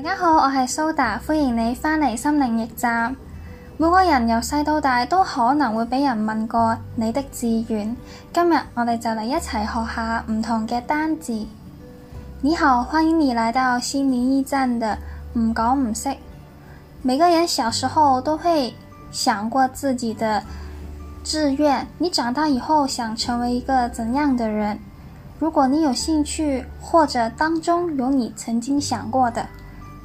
大家好，我係蘇打，歡迎你翻嚟心靈驛站。每個人由細到大都可能會俾人問過你的志願。今日我哋就嚟一齊學下唔同嘅單字。你好，歡迎你嚟到心靈驛站嘅吾港吾識。每個人小時候都會想過自己嘅志願，你長大以後想成為一個怎樣嘅人？如果你有興趣或者當中有你曾經想過的。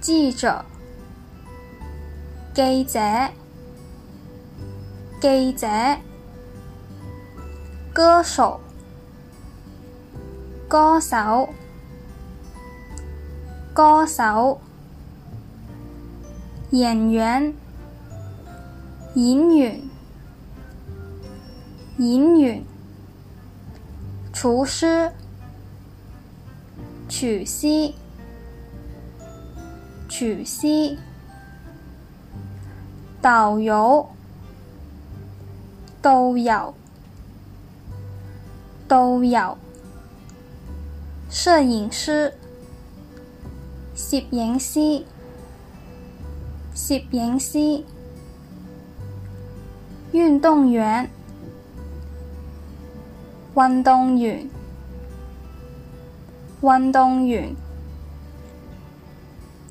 記者記者記者歌手歌手歌手演員演員演員廚師廚師廚師、導遊導遊、導遊、攝影師、攝影師、攝影師、運動員、運動員、運動員。